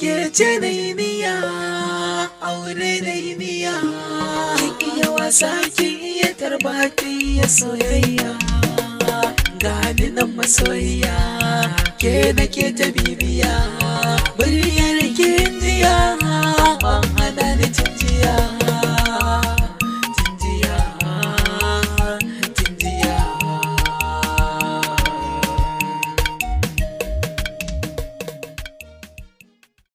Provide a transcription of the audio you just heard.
Ke ce na yi aure na yi niyya, iya wasa ki iya tarba ki iya soyayya. Gani nan masoyiya, ke ke ta bibiya.